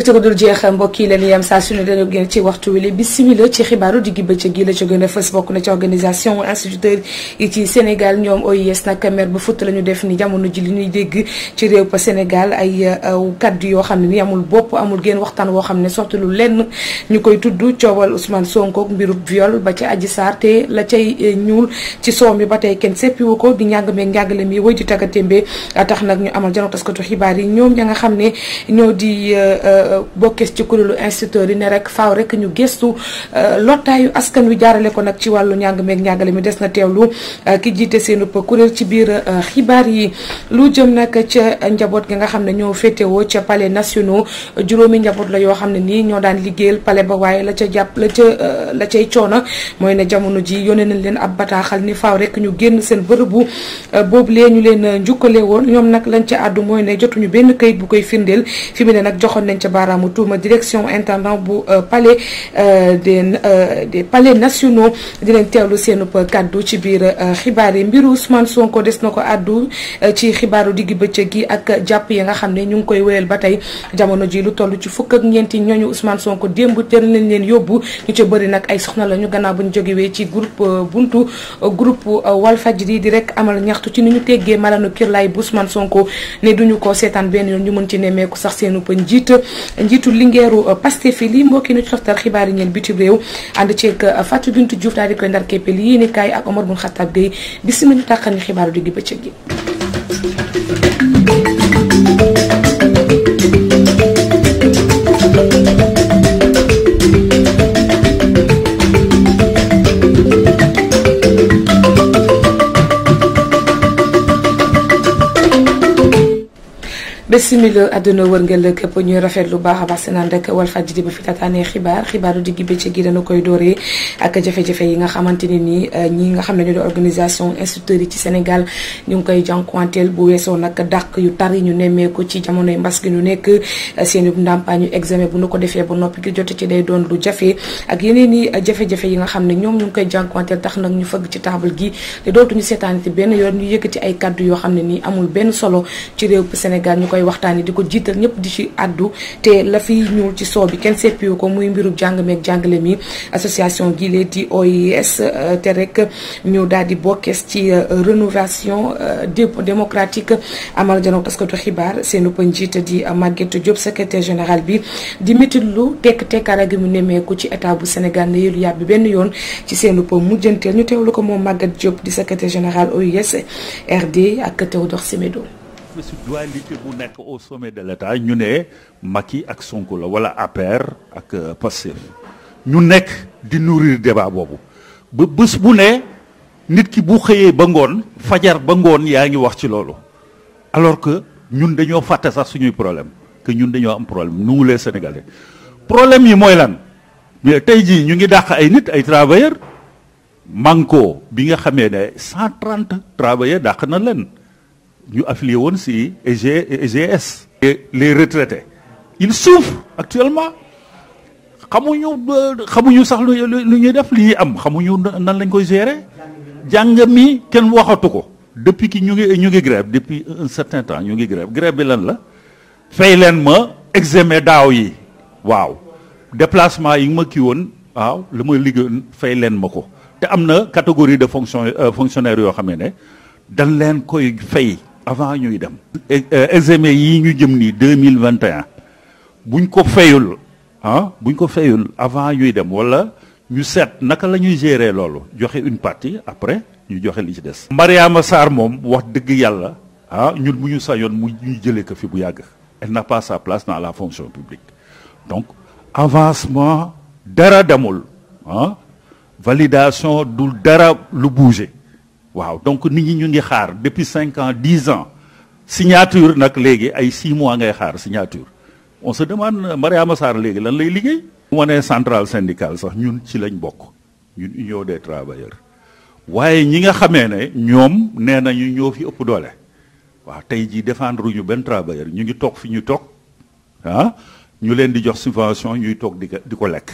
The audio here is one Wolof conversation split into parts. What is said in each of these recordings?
mbégte ko dul jeex mbokk yi leen yem saa su ne dañoo génn ci waxtu wi la bismilla ci xibaaru diggi bëccëg gi la ca gën a fës na ci organisation instituteur yi ci Sénégal ñoom OIS nag mer ba fut la def ni jamono ji li ñuy dégg ci réew pa Sénégal ay euh, kaddu yoo xam ne ni amul bopp amul génn waxtaan woo xam ne sottilu lenn ñu koy tudd coowal Ousmane Sonko mbirub viol ba ci Adji Sarr te la cay euh, ñuul ci soom mi ba tey kenn seppiwu ko di njàng meeg njàngale mi wëy di taggatémbee tax nag ñu amal janoo taskatu xibaar yi ñoom ña nga xam ne ñoo di euh, bokkes ci kuréelu instituteurs yi ne rek faaw rek ñu gëstu euh, lottaayu askan wi jaarale ko nag ci wàllu njàng meeg njàngale mi des na teewlu euh, ki jiite seen kuréel ci biir euh, xibaar yi lu jëm nag ca njaboot gi nga xam ne ñoo féetewoo ca palais nationaux juróomi njaboot la yoo xam ne nii ñoo daan liggéeyal palais ba waaye la ca jàpp la ca la cay coono mooy ne jamono ji yone nañ leen ab bataaxal ni faaw rek ñu génn seen bërëbu boobu lee ñu leen njukkale woon ñoom nag lañ ca mooy ne jotuñu benn kayit bu koy firndeel fi mu ne nag joxoon nañ ca baaraamu tuuma direction intendant bu euh, palais euh, des euh, des palais nationaux di leen teewlu seen kàddu ci biir xibaar yi mbiru Ousmane Sonko des na ko àddu ci xibaaru digg bëccëg gi ak jàpp yi nga xam ne ñu ngi koy wéyal ba tey jamono ji lu toll ci fukk ak ñeenti ñooñu Ousmane Sonko démb jël nañ leen yóbbu ñu ci bëri nag ay soxna lañu gannaaw bu ñu jógewee ci groupe buntu groupe Walfadjri di rek amal ñaxtu ci ni ñu teggee malanu kirlaay bu Ousmane Sonko ne duñu ko seetaan benn yoon ñu mën ci nemmeeku sax seenu njiit njiitu lingeeru Pastef li mbokki nu ci toftal xibaar yi ngeen biti réew ànd ceeg euh, Fatou Bintou Diouf daal di koy ndar képpel yi ni kaay ak Omar Bun Xattaab Gueye bisimilah ñu tàqal ñu xibaaru digg bëccëg gi bisimila àdduna wërngël képp ñuy rafet lu baax a baax seen ànd ak Walfadjri ba fi tataanee xibaar xibaaru digg bëccëg gi dana koy dooree ak jafe-jafe yi nga xamante ne nii euh, ñi nga xam ne ñoo di organisation instructeurs yi ci Sénégal ñu ngi koy jànkuwanteel bu weesoo nag dàq yu tar yi ñu nemmeeku ci jamonoy mbas gi ñu nekk euh, seen i ndàmpaañu examen bu nu ko defee ba noppi gi jote ci day doon lu jafe ak yeneen i euh, jafe yi nga xam ne ñoom ñu ngi koy jànkuwanteel tax nag ñu fëgg ci table gi te dootuñu seetaanati benn yoon ñu yëkkati ay kàddu yoo xam ne nii amul benn solo ci réew Sénégal ñu koy waxtaan waxtaanee di ko jiital ñëpp di ci àddu te la fiy ñuul ci soow bi kenn seppiwu ko muy mbiru jàng meeg jàngale mi association gi lee di OIS euh, te rek ñu daal di bokkees ci euh, rénovation euh, démocratique amal janook taskatu xibaar seen ëpp njiit di Maguette Diop général bi di métit lu tekk tekkaara gi mu nemmeeku ci état bu Sénégal ne yëlu yàbbi benn yoon ci seen ëpp mujjanteel ñu teewlu ko moom màgget Diop di secretaire général OIS RD ak Théodore Semedo espèce de dualité bu nekk au sommet de l'État ñu ne Macky ak Sonko la wala APR ak euh, Pastef ñu nekk di nourrir débat boobu ba bés bu ne nit ki bu xëyee ba ngoon fajar ba ngoon yaa ngi wax ci loolu alors que ñun dañoo fàtte sax suñuy problème que ñun dañoo am problème nous les Sénégalais problème yi mooy lan mais tey jii ñu ngi dàq ay nit ay travailleurs manko bi nga xamee ne cent trente travailleurs dàq na leen ñu affilié woon si EGS e les retraités ils souffrent actuellement xamuñu xamuñu sax lu lu ñuy def li ñuy am xamuñu nan lañ koy gérer jàng mi kenn waxatu ko depuis ki ñu ngi ñu ngi grève depuis un certain temps ñu ngi grève grève bi lan la fay leen ma examen daaw yi waaw déplacement yi ma kii woon waaw lu may liggéey fay leen ma ko te am na catégorie de fonction euh, fonctionnaire yoo xam ne dan leen koy fay avant ñuy dem. E, e, examen yi ñu jëm nii deux mille vingt buñ ko fayul ah buñ ko fayul avant ñuy dem wala ñu seet naka la ñuy gérer loolu joxe une partie après ñu joxe li ci des. Mariama Sarr moom wax dëgg yàlla ah ñun bu ñu sañoon mu ñu jëlee ko fi bu yàgg. elle n'a pas sa place dans la fonction publique donc avancement dara demul ah validation dul dara lu bouger. waaw donc nit ñi ñu ngi xaar depuis cinq ans dix ans signature nag léegi ay six mois ngay xaar signature on se demande Mariama saar léegi lan lay liggéey. bu ma nee centrale syndicale sax ñun ci lañ bokk ñun union des travailleurs waaye ñi nga xamee ne ñoom nee nañu ñoo fi ëpp doole waaw tey jii défendre ñu benn travailleur ñu ngi toog fi ñu toog ah ñu leen di jox subvention ñuy toog di di ko lekk.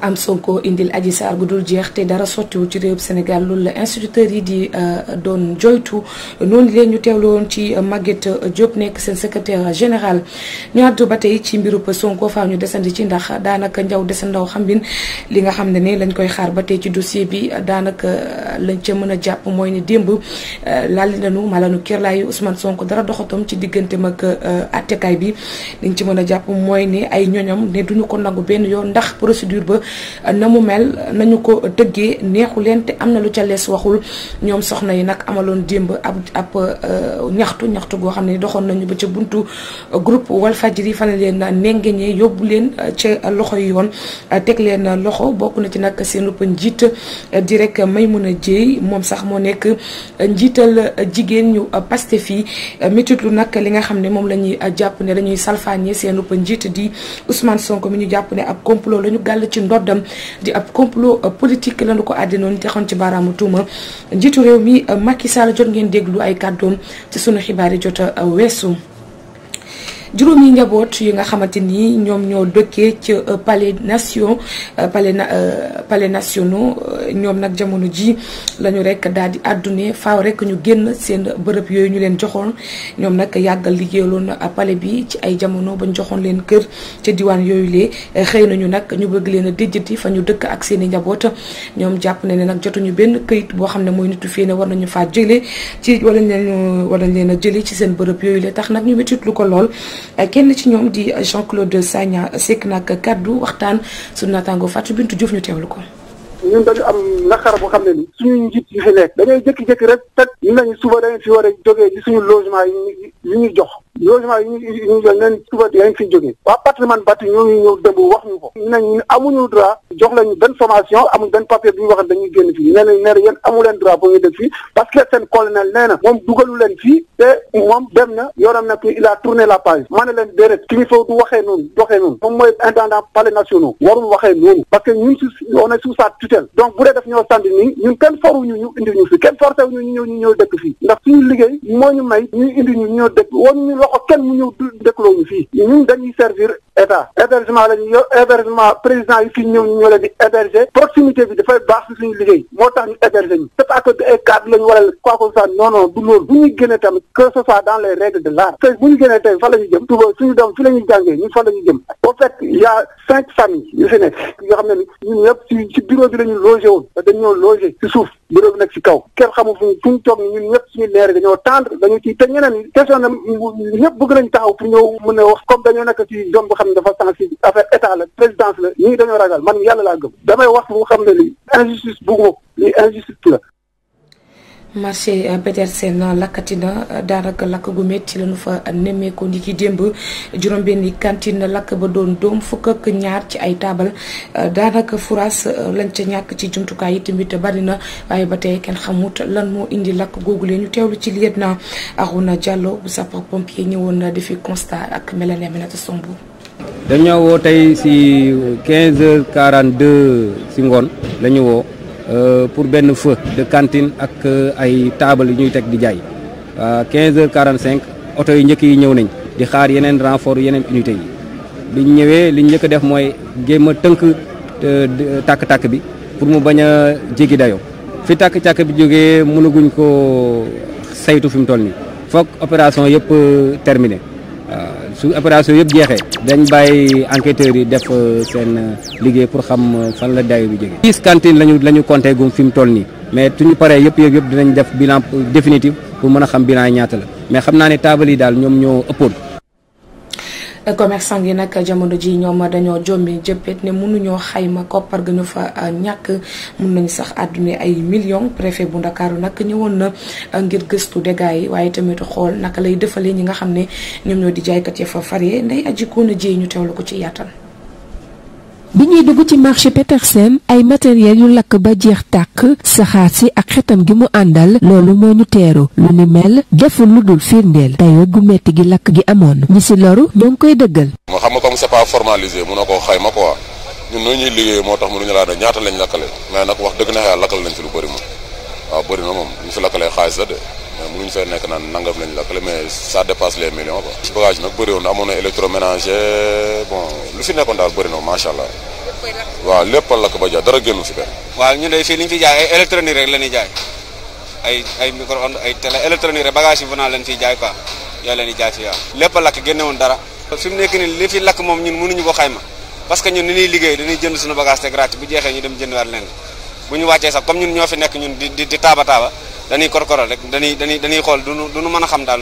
am Sonko indil Adji Sarr gu dul jeex te dara sottiwul ci réewum Sénégal loolu la instituteurs yi di euh, doon jooytu noonu leen ñu teewlu woon ci Maguette Diop nekk seen secrétaire général ñu àddu ba tey ci mbirub Sonko faaw ñu desandi ci ndax daanaka njaw desandaw xambin li nga xam ne ni lañ koy xaar ba tey ci dossier bi daanaka euh, lañ ca mën a jàpp mooy ni démb euh, laal nañu malanu kirlaayu Ousmane sonk dara doxatam ci digganteem ak attekaay bi liñ ci mën a jàpp mooy ni ay ñoñam ne duñu ko nangu benn yoon ndax procédure ba na mu mel nañu ko tëggee neexu leen te am na lu ca lees waxul ñoom soxna yi nag amaloon démb ab ab euh, ñaxtu ñaxtu goo xam ne doxoon nañu ba ca buntu euh, groupe yi fa ne leen nengeñee yóbbu leen euh, ca loxo yi yoon teg leen loxo bokk na ci nag seen ëpp njiit di rek Maimouna Dièye moom sax moo nekk njiital jigéen ñu Pastef yi métitlu nag li nga xam ne moom la ñuy jàpp ne dañuy salfaañee seen ëpp njiit di Ousmane Sonko mi ñu jàpp ne ab complot la ñu gàll ci ndox ndoddam di ab complot euh, politique lañu ko àddinoon te xon ci baaraamu tuuma njiitu réew mi euh, Macky Sall jot ngeen déglu ay kàddoom ci sunu xibaar yi jot euh, juróom juróomi njaboot yi nga xamante nii ñoom ñoo dëkkee ci euh, palais nation euh, pale euh, palais nationaux ñoom nag jamono ji lañu ñu rek daal di àddune faaw rek ñu génn seen bërëb yooyu ñu leen joxoon ñoom nag yàggal liggéeyaloon palais bi ci ay jamono bañ joxoon leen kër ca diwaan yooyu lee xëy nañu nag ñu bëgg leen a déjjati fa ñu dëkk ak seen i njaboot ñoom jàpp na ne nag jotuñu benn këyit boo xam ne mooy nitu fii ne war nañu faa jëlee ci wala ñu war nañ leen a jëlee ci seen bërëb yooyu lee tax nag ñu métit lu ko lool ay euh, kenn ci ñoom di Jean-Claude Sagna sekk nag kaddu waxtaan suñu naataango Fatou Bintou Diouf ñu teewlu ko. ñun dañu am naqar boo xam ne ni ñu njiit yi fi nekk dañuy jékki-jékki rek teg ñu nañu suba dañu fi war a jógee ci suñu logement yi ñu jox logement yi ñu ñu jël neen suba yaa ngi fiy jógee waa patrimoine bâti ñooñu ñëw démb wax ñu ko ñu ne ñu amuñu droit jox lañu benn formation amuñ benn papier bi ñu waxoon dañuy génn fii nee nañ nee na yéen amu leen droit boo ngeen def fii parce que seen colonel nee na moom dugalu leen fii te moom dem na yoonam nag il a tourné la page ma ne leen déedéet kilifa du waxee noonu doxee noonu moom mooy intendant palais nationaux warul waxee noonu parce que ñun su on est sous sa tutelle donc bu dee def ñoo sandi nii ñun kenn foruñu ñu indi ñu fi kenn forcé ñu ñu ñëw ñu ñëw dëkk fii ndax suñu liggéey moo ñu may ñu indi ñu ñëw dëkk woon ñu ko kenn mu ñëw dëkkloo ñu fii ñu dañuy servir état hébergement la ñu yo président yi fi ñëw ñu ñoo leen di héberger proximité bi dafay baax ñu liggéey moo tax ñu héberger ñu c'est pas que ay cadre lañu wala quoi que ça non non du loolu bu ñu génnee tamit que ce soit dans les règles de l'art te bu ñu génnee tey fa la ñu jëm tuba suñu fi la ñuy jàngee ñun fa ñu jëm au fait y a yu fi nekk yoo xam ne ni ñun ñëpp ci ci bureau bi la woon dañ ñoo logé ci suuf yëpp nag ci kaw kenn xamul fu fu ñu toog ñun ñëpp suñu leer dañoo tendre dañu ci te ñeneen question na ñëpp bëgg nañ taxaw pour ñëw mën a wax comme dañoo nekk ci zone boo xam ne dafa sensible affaire état la présidence la ñii dañoo ragal man yàlla laa gëm damay wax bu xam ne lii injustice bu li injustice la marché Petersen lakkati na daanaka lakk gu métti lañu fa nemmeeku ndi ki démb juróom-benni cantine lakk ba doon doom fukk ak ñaar ci ay taabal daanaka furaas euh, lan ca ñàkk ci jumtukaay yi tamit bari na waaye ba tey kenn xamut lan moo indi lakk googu leen ñu teewlu ci lieutenant Arouna Diallo bu sapeur pompier ñëwoon na defi constat ak Mélanie Aminata Sombu. dañoo woo tey si 15 heures 42 si ngoon la woo. Euh, pour benn feu de cantine ak euh, ay taabal yu ñuy teg di jaay 15 euh, heures 45 oto yu njëkk yi ñëw nañ di xaar yeneen renfort yeneen unité yi biñ ñëwee li njëkk a def mooy géem a tënk takk tàkk bi pour mu bañ a jéggi dayoo fi tàkk-tàkk bi jógee mënaguñ ko saytu fi mu toll nii foog opération yëpp terminé su opération yëpp jeexe dañ bàyyi enquêteurs yi def euh, seen euh, liggéey pour xam euh, fan la dayu bi jógee. dix cantines lañu la ñu gum fi mu toll nii mais suñu paree yëpp yëpp yëpp dinañ def bilan définitif pour mën a xam bilan yi ñaata la mais xam naa ne taabal yi daal ñoom ñoo ëppoon. commerçant yi nag jamono ji ñoom dañoo jommi jëppet ne mënuñoo xayma koppar ga ñu fa euh, ñàkk mun nañ sax àdduna ay millions préfet bu Ndakaaru nag ñëwoon na euh, ngir gëstu dégâts yi waaye tamit xool naka lay defalee ñi nga xam ne ñoom ñoo di jaaykat ya fa fare nday aji koon a jiy ñu teewlu ko ci yaatal bi ñuy dugg ci marché Petersen ay matériel yu lakk ba jeex tàkk saxaar si ak xetam gi mu àndal loolu moo ñu teeru lu ni mel deful lu dul firndeel dayoo gu metti gi lakk gi amoon ñi si loru ñoo ngi koy dëggal. moo xam nga comme c'est a formalisé xay koo ko quoi ñu noo ñuy liggéeyee moo tax mënuñu laa ne ñaata lañ lakkale mais nag wax dëgg na xëy lakkal lañ fi lu bëri moom waaw bëri na moom ñu fi lakkalee xaalis la de. mais mënuñ fee nekk naan nangam lañ lakkale mais ça dépasse les millions quoi. bagage nag bëri woon amoon na électroménager bon lu fi nekkoon daal bëri na macha allah. waaw lépp lakk ba jaay dara génnu fi benn. waaw ñu ne fii li ñu fi jaay rek la ñuy jaay ay ay micro-ondes ay télé électronique rek bagage yi jaay quoi yooyu la ñuy jaay fii waaw. lépp lakk fi mu nekk nii li fi lakk moom ñun ñu ko xayma parce que ñun ni ñuy liggéey dañuy jënd suñu bagage te gratis bu jeexee ñu dem jënd war leen bu ñu wàccee sax comme ñun ñoo fi nekk ñun di di taaba taaba dañuy korkoral rek dañuy dañuy dañuy xool du nu mën a xam daal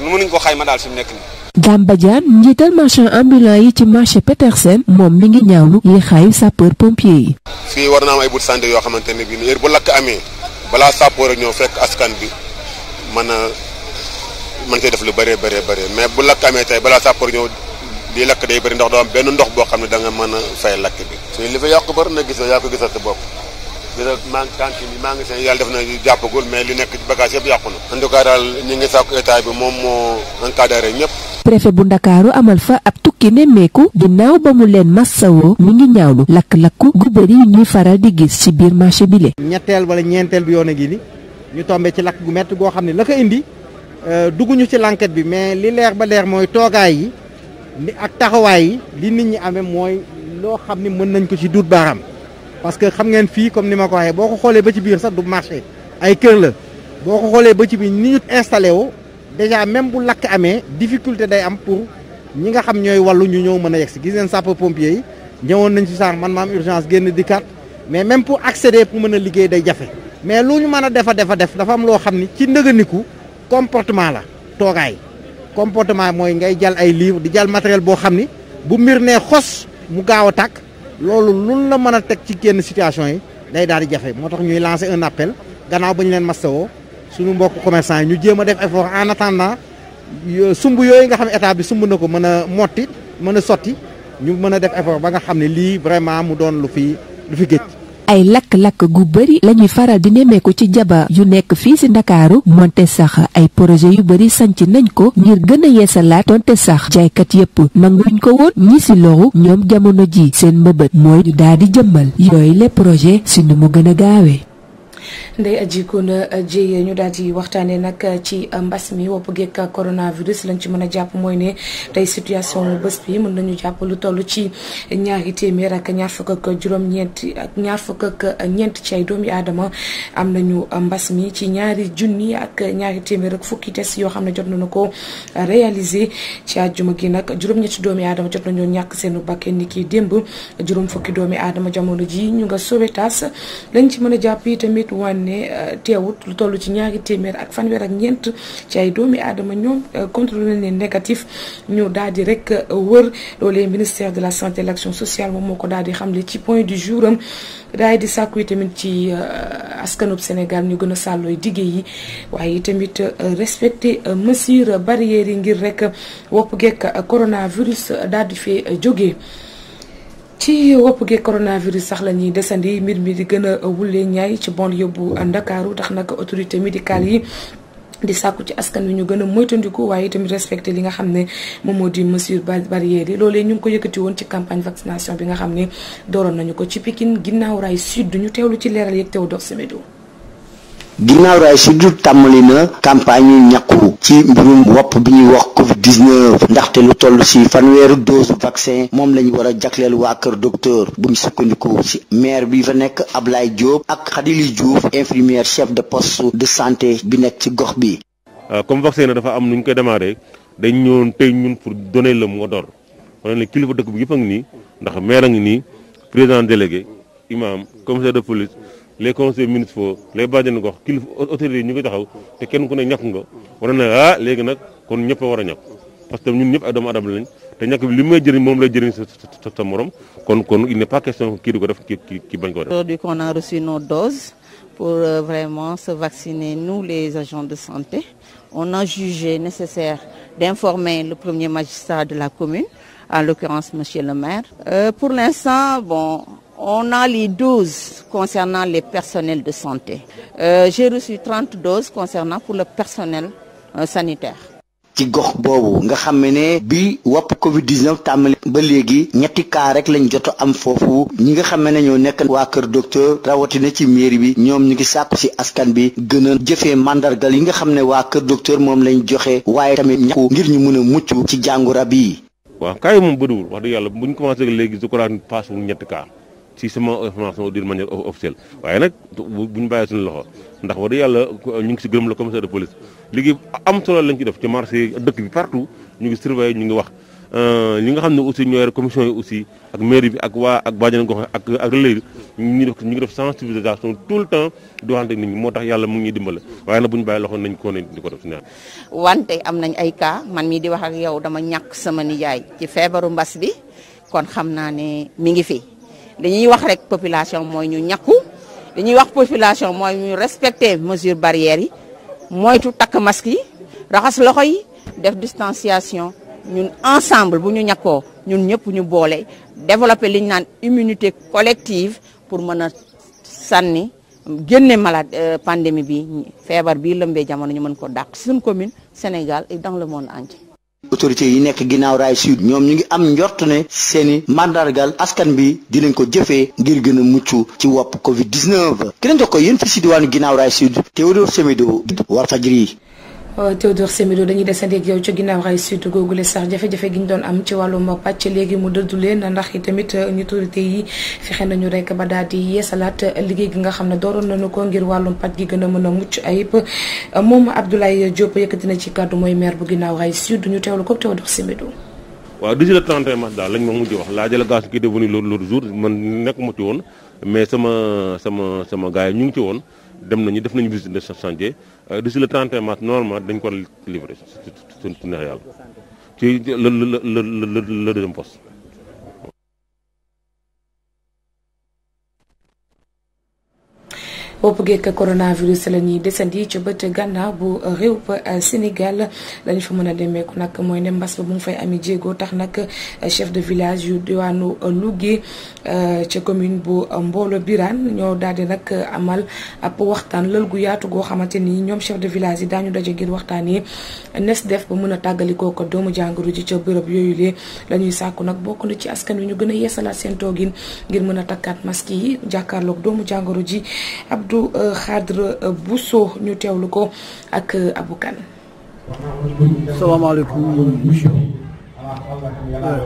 nu mënuñ ko xayma daal fi mu nekk nii. Dame njiital marchand ambulant yi ci marché Petersen moom mi ngi ñaawlu yéexaayu sapeur pompier yi. fii war naa am ay bout santé yoo xamante ne bii heure bu lakk amee balaa sapeur ñëw fekk askan bi mën a mën see def lu bare bëree bëree mais bu lakk amee tey balaa sapeur ñëw di lakk day bëri ndox doo am benn ndox boo xam ne da nga mën a fay lakk bi. suñu li fa yàqu bari na gis nga yaa ko gisal sa bi rek maa ngi tànk bi maa ngi seen yàlla def na jàppagul mais li nekk ci bagage yàqu na en ñi ngi sàkku état bi moom moo encadré ñëpp préfet bu ndakaaru amal fa ab tukki nemmeeku ginnaaw ba mu leen massawoo mi ngi ñaawlu lakk-lakku gu bëri yu ñuy faral di gis ci biir marché bi ñetteel wala ñeenteel bi yoon a ngi ñu tombé ci lakk gu métti goo xam ne la indi indi euh, dugguñu ci l'enquête bi mais li leer ba leer mooy toogaay yi ak taxawaay yi li nit ñi amee mooy loo xam ne mën nañ ko ci duut baaraam parce que xam ngeen fii comme ni ma ko waxee boo ko xoolee ba ci biir sax du marché ay kër la boo ko xoolee ba ci biir ni ñu installé wo déjà même bu lakk amee difficulté day am pour ñi nga xam ñooy wàllu ñu ñëw mën a yegg si gis ngeen sapeur pompier yi ñëwoon nañ si sax man ma am urgence génn di kat mais même pour accéder pour mën a liggéey day jafe mais lu ñu mën a defa defa def dafa am loo xam ni ci ndëganiku comportement la toogaay comportement mooy ngay jal ay livre di jal matériel boo xam ni bu mbir nee xos mu gaaw a tàkk loolu lun la mën a teg ci kenn situation yi day daal di jafe moo tax ñuy lancer un appel gannaaw ba ñu leen mastawoo suñu mbokk commerçant yi ñu jéem def effort en attendant sumb yooyu nga xam état bi sumb na ko mën a motti mën a sotti ñu mën a def effort ba nga xam ne lii vraiment mu doon lu fi lu fi géej ay lakk-lakk gu bëri la ñuy faral di nemmeeku ci jabar yu nekk fii si ndakaaru moonte sax ay projet yu bëri sanc nañ ko ngir gën a yeesalaat donte sax jaaykat yépp nanguñ ko woon ñi si loru ñoom jamono ji seen mbëbët mooy ñu daal di jëmmal yooyu les projets si nu mu gën a gaawee Ndeye Adji Kounda euh, Dieye ñu daal di waxtaanee nag euh, ci euh, mbas mi wopp geeg coronavirus lañ ci mën a jàpp mooy ne tey situation bés bi mën nañu jàpp lu toll ci ñaari téeméer ak ñaar fukk ak juróom-ñeenti ñaar fukk ak ñeent ci ay doomi adama am nañu mbas mi ci ñaari junni ak ñaari téeméer fukki test yoo xam ne jot nañu ko réaliser ci àjjuma gi nag juróom-ñetti doomi jot nañoo ñàkk seenu bakkee ni kii démb juróom fukki doomi aadama jamono ji ñu nga Sowétas lañ ci mën a jàpp yi tamit wànne euh, teewut lu toll ci ñaari téeméer ak fanweer ak ñeent ci ay doomi aadama ñoom euh, contrôlé nañ leen négatif ñu daal di rek euh, wër loolee ministère de la santé et l'action sociale moom moo ko daal di xamle ci point du jour am daal di sàkku tamit ci askanub Sénégal ñu gën a sàllooy dige yi waaye tamit respecté mesures barrières yi ngir rek wopp gekk coronavirus daal di fee jógee ci wopp gi coronavirus sax la ñuy desandi mbir mi di gën a wulle ñaay ci banlieue bu Ndakaaru tax nag autorité médicale yi di sàkku ci askan wi ñu gën a moytandiku waaye tamit respecté li nga xam ne moom moo di mesure barrière yi loolee ñu ngi ko yëkkati woon ci campagne vaccination bi nga xam ne dooroon nañu ko ci Pikine ginnaaw raay sud ñu teewlu ci leeral yeeg Théodore Semedo ginnaaw raay sud tàmmali campagne yu ñàkku ci mbirum wopp bi ñuy wax covid 19 ndaxte lu toll si fanweeru dose vaccin moom la ñu war a jagleel waa kër docteur bu sukkandiku si maire bi fa nekk Ablaye Diop ak Khadili Diouf infirmière chef de poste de santé bi nekk ci gox bi euh, comme vaccin na dafa am nu ñu koy démarré dañ ñëwoon tey ñun pour donner le mot d'ordre ma ne kilifa dëkk bi yëpp a ngi nii ndax maire a ngi nii président délégué imam commissaire de police les conseils municipaux les bàjjenu gox taxaw te kenn ku ne ñàkk nga war na ah nag kon ñëpp a war a ñàkk parce que ñun ñëpp ay doomu aadama te ñàkk bi li may jëriñ moom sa morom kon il n'est pas question kii def kii bañ ko def. aujourd'hui qu'on a reçu nos doses pour euh, vraiment se vacciner nous les agents de santé on a jugé nécessaire d'informer le premier magistrat de la commune en l'occurrence monsieur le maire. Euh, pour l'instant On a les 12 concernant les personnels de santé. Euh, j'ai reçu 30 doses concernant pour la personnel euh, sanitaire. ci gox boobu nga xam ne bi wàpp Covid 19 tàmbali ba léegi ñetti cas rek lañ joto am foofu ñi nga xam ne ñoo nekk waa kër docteur rawatina ci mairie bi ñoom ñu ngi sàkku si askan bi gën a jëfee mandargal yi nga xam ne waa kër docteur moom lañ joxe waaye tamit ñàkku ngir ñu mën a mucc ci jàngoro bi. waaw cas yi moom bëriwul wax dëgg yàlla buñ commencé léegi je crois passe wu ñetti cas. ci sama information d'une manière officielle waaye nag bu bàyyi suñu loxo ndax war yàlla ñu ngi si gërëm la commissaire de police liggéey am solo lañ ci def ci marché dëkk bi partout ñu ngi surveiller ñu ngi wax euh, ñi nga xam ne aussi ñooy commission yi ak mairie bi ak waa ak bàjjen gox ak ak relais yi def ñu ngi def tout le temps di waxante nit ñi moo tax yàlla mu ngi dimbale waaye nag bu bàyyi loxo nañ ko ne di ko def si wante am nañ ay cas man dañuy wax rek population mooy ñu ñàkku ñuy wax population mooy ñu respecter mesures barrières yi mooy tu takk maski raxas loxo yi def distanciation ñun ensemble bu ñu ñàkkoo ñun ñëpp ñu boole développer li ñu naan immunité collective pour mën a sànni génne mala euh, pandémie bi feebar bii lëmbee jamono ñu mën ko dàq suñu commune Sénégal et dans le monde entier. autorités yi nekk ginnaaw raay sud ñoom ñu ngi am njort ne seeni mandargal askan bi dinañ ko jëfee ngir gën a mucc ci wopp covid 19 ki nañ jox ko yéen fi si diwaanu ginnaaw raay sud Théodore Semedo Walfadjri Euh, Théodore Semedo des desandi ak yow ci ginnaaw raay sud googule sax jafe-jafe gi ñu doon am ci wàllum pàcc léegi mu dëddu leen ndax i tamit ñu autorité yi fexe nañu rek ba daal di yeesalaat liggéey gi nga xam ne dooroon nañu ko ngir wàllum pàcc gi gën a mën a mucc ayib moom Abdoulaye Diop yëkkati na ci kàddu mooy maire bu ginnaaw raay sud ñu teewlu ko Théodore Semedo waaw d'ici le 31 mars daal lañ ma mujj wax la délégation qui est devenue l'autre jour man nekk ci woon mais sama sama sama gars ñu ngi ci woon dem nañu def nañu visite de chantier d'ici le 31 mars normalement dañ ko war a livrer su neexee yàlla ci le le le le le bopp geeg coronavirus la ñuy desandi ca bët gànnaaw bu réew ba euh, Sénégal lañu fa mën a demeeku nag mooy ne mbas ba mu fay ami jéego tax nag euh, chef de village yu diwaanu euh, Louga ca commune bu Mbolo Birane ñoo daal di nag amal ab waxtaan lël gu yaatu goo xamante ni ñoom chef de village yi daañu daje ngir waxtaanee nes def ba mën a tàggalikoo ko doomu jàngoro ji ca bërëb yooyu lee la sàkku nag bokk na ci askan wi ñu gën a yeesalaat seen toogin ngir mën a takkaat masque yi jàkkaarloog doomu jàngoro ji Abdou Abdou euh, Khadre euh, ñu teewlu ko ak euh,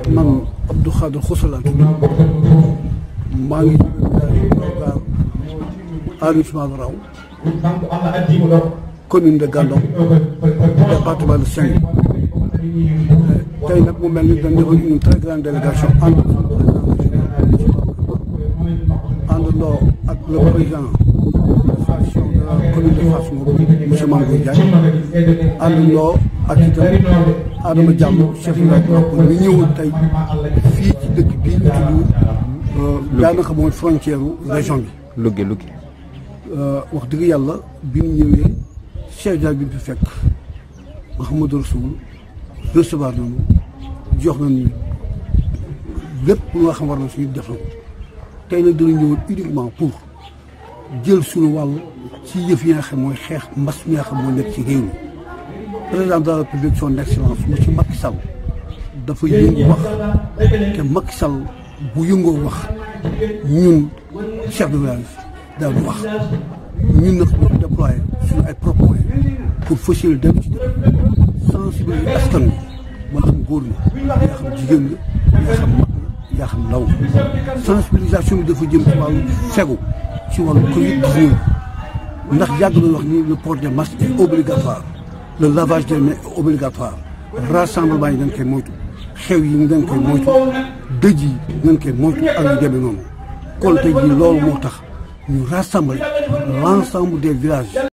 maa ngi de Raw commune de tey nag mu mel ni dañ une très grande délégation ànd àndandoo ak le président administration de la commune de Fass Ngom monsieur Mame Diagne àndandoo ak Adama Diallo chef de la commune ñu ñëw fii ci dëkk bii ñu tudd euh, daanaka mooy frontière région bi. Louga Louga. Euh, wax dëgg yàlla bi mu ñëwee chef bi mu fi fekk Mouhamadou Rassoul recevoir nañu jox nañu lépp nga xam war na suñu def na ko tey nag dina ñëwoon uniquement pour. jël suñu wàll ci yëf yi nga mooy xeex mbas mi nga xam moo nekk ci réew mi président de la république son excellence monsieur Macky Sall dafa yëngu wax te Macky Sall bu yëngoo wax ñun chef de village daal wax ñun nag ñu déployé suñu ay propos pour facile dem ci sensibiliser askan bi moo xam góor la yaa xam jigéen la yaa xam mag la yaa xam ndaw sensibilisation bi dafa jëm ci wàllu fegu ci wàllu Covid 19 ndax yàgg nañu wax ni le port de masque est obligatoire le lavage des mains est obligatoire rassemblement yi dañ koy moytu xew yi dañ koy moytu dëj yi dañ koy moytu ak yu demee noonu kon ji jii loolu moo tax ñu rassembler l'ensemble de villages.